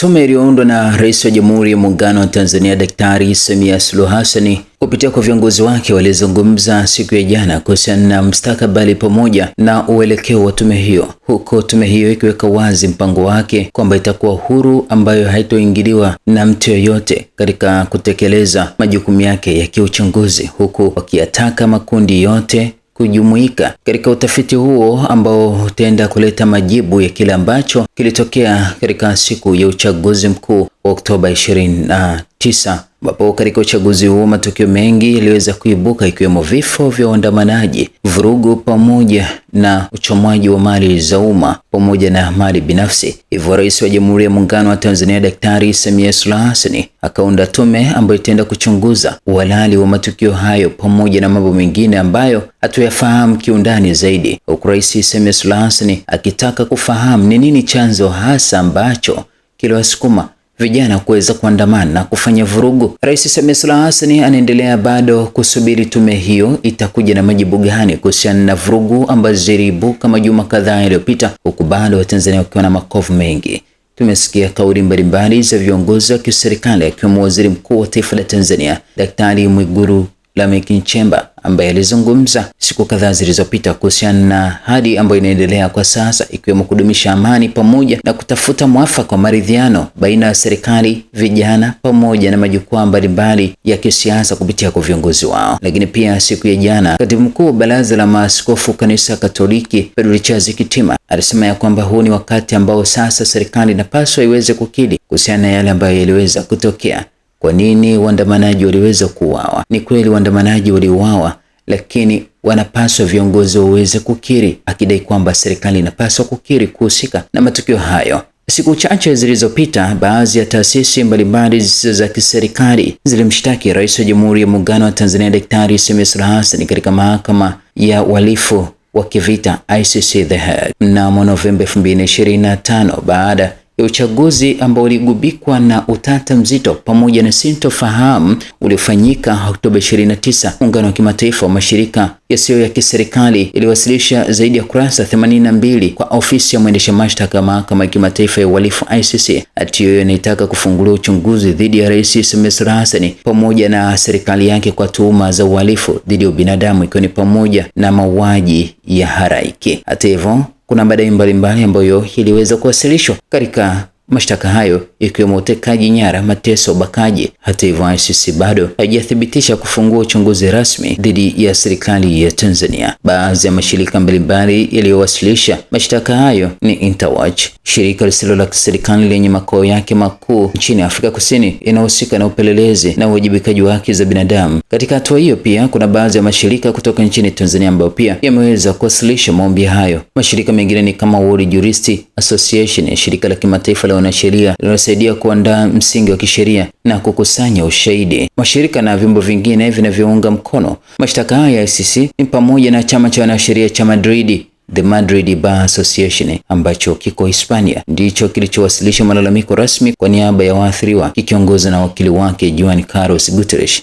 Tume iliyoundwa na Rais wa Jamhuri ya Muungano wa Tanzania Daktari Samia Suluhu Hassan kupitia kwa viongozi wake walizungumza siku ya jana kuhusiana na mustakabali pamoja na uelekeo wa tume hiyo, huku tume hiyo ikiweka wazi mpango wake kwamba itakuwa huru ambayo haitoingiliwa na mtu yoyote katika kutekeleza majukumu yake ya kiuchunguzi, huku wakiyataka makundi yote kujumuika katika utafiti huo ambao utaenda kuleta majibu ya kile ambacho kilitokea katika siku ya uchaguzi mkuu wa Oktoba 29 ambapo katika uchaguzi huu matukio mengi yaliweza kuibuka ikiwemo vifo vya waandamanaji, vurugu, pamoja na uchomwaji wa mali za umma pamoja na mali binafsi. Hivyo Rais wa Jamhuri ya Muungano wa Tanzania Daktari Samia Suluhu Hassan akaunda tume ambayo itaenda kuchunguza uhalali wa matukio hayo pamoja na mambo mengine ambayo hatuyafahamu kiundani zaidi, huku Rais Samia Suluhu Hassan akitaka kufahamu ni nini chanzo hasa ambacho kiliwasukuma vijana kuweza kuandamana na kufanya vurugu. Rais Samia Suluhu Hassan anaendelea bado kusubiri tume hiyo itakuja na majibu gani kuhusiana na vurugu ambazo ziliibuka majuma kadhaa yaliyopita, huku bado Watanzania wakiwa na makovu mengi. Tumesikia kauli mbalimbali za viongozi wa kiserikali akiwemo Waziri Mkuu wa Taifa la Tanzania Daktari mwiguru Lameck Nchemba ambaye alizungumza siku kadhaa zilizopita kuhusiana na hali ambayo inaendelea kwa sasa ikiwemo kudumisha amani pamoja na kutafuta mwafaka wa maridhiano baina ya serikali, vijana pamoja na majukwaa mbalimbali ya kisiasa kupitia kwa viongozi wao. Lakini pia siku ya jana, katibu mkuu wa Baraza la Maaskofu Kanisa Katoliki Padre Richard Kitima alisema ya kwamba huu ni wakati ambao sasa serikali inapaswa iweze kukiri kuhusiana na yale ambayo yaliweza kutokea kwa nini waandamanaji waliweza kuuawa? Ni kweli waandamanaji waliuawa, lakini wanapaswa viongozi waweze kukiri, akidai kwamba serikali inapaswa kukiri kuhusika na matukio hayo. Siku chache zilizopita, baadhi ya taasisi mbalimbali zisizo za kiserikali zilimshtaki Rais wa Jamhuri ya Muungano wa Tanzania Daktari Samia Suluhu Hassan katika mahakama ya uhalifu wa kivita ICC The Hague mnamo Novemba 2025 baada ya uchaguzi ambao uligubikwa na utata mzito pamoja na sintofahamu uliofanyika Oktoba 29. Muungano wa kimataifa wa mashirika yasiyo ya kiserikali iliwasilisha zaidi ya kurasa 82 kwa ofisi ya mwendesha mashtaka mahakama ya kimataifa ya uhalifu ICC, hati hiyo inaitaka kufungulia uchunguzi dhidi ya Rais Samia Suluhu Hassan pamoja na serikali yake kwa tuhuma za uhalifu dhidi ya ubinadamu ikiwa ni pamoja na mauaji ya haraiki. Hata hivyo kuna madai mbalimbali ambayo yaliweza kuwasilishwa katika mashtaka hayo ikiwemo utekaji nyara, mateso, ubakaji. Hata hivyo, ICC bado haijathibitisha kufungua uchunguzi rasmi dhidi ya serikali ya Tanzania. Baadhi ya mashirika mbalimbali yaliyowasilisha mashtaka hayo ni Interwatch, shirika lisilo la kiserikali lenye makao yake makuu nchini Afrika Kusini, inahusika na upelelezi na uwajibikaji wa haki za binadamu. Katika hatua hiyo, pia kuna baadhi ya mashirika kutoka nchini Tanzania ambayo pia yameweza kuwasilisha maombi hayo. Mashirika mengine ni kama World Jurist Association, shirika la kimataifa la wanasheria linalosaidia kuandaa msingi wa kisheria na kukusanya ushahidi. Mashirika na vyombo vingine vinavyounga mkono mashtaka haya ya ICC ni pamoja na chama cha wanasheria cha Madridi The Madrid Bar Association ambacho kiko Hispania ndicho kilichowasilisha malalamiko rasmi kwa niaba ya waathiriwa kikiongozwa na wakili wake Juan Carlos Guterres.